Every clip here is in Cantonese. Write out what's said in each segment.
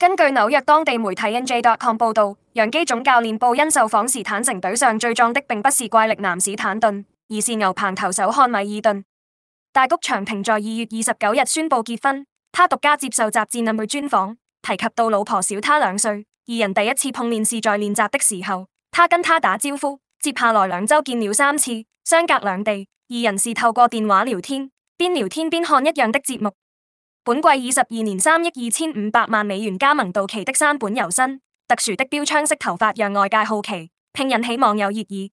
根據紐約當地媒體 NJ.com 報道，楊基總教練布恩受訪時坦承，隊上最壯的並不是怪力男史坦頓，而是牛棚投手漢米爾頓。大谷翔平在二月二十九日宣布結婚，他獨家接受《雜誌阿妹》專訪，提及到老婆小他兩歲，二人第一次碰面是在練習的時候，他跟他打招呼，接下來兩周見了三次，相隔兩地，二人是透過電話聊天，邊聊天邊看一樣的節目。本季二十二年三億二千五百萬美元加盟道奇的山本由伸，特殊的標槍式頭髮讓外界好奇，並引起網友熱議。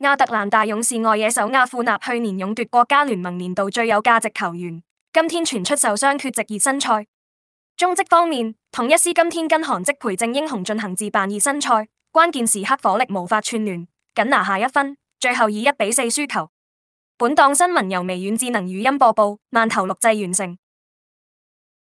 亞特蘭大勇士外野手亞庫納去年勇奪國家聯盟年度最有價值球員，今天傳出受傷缺席熱身賽。中職方面，統一獅今天跟韓職培證英雄進行自辦熱身賽，關鍵時刻火力無法串聯，僅拿下一分，最後以一比四輸球。本檔新聞由微軟智能語音播報，慢頭錄製完成。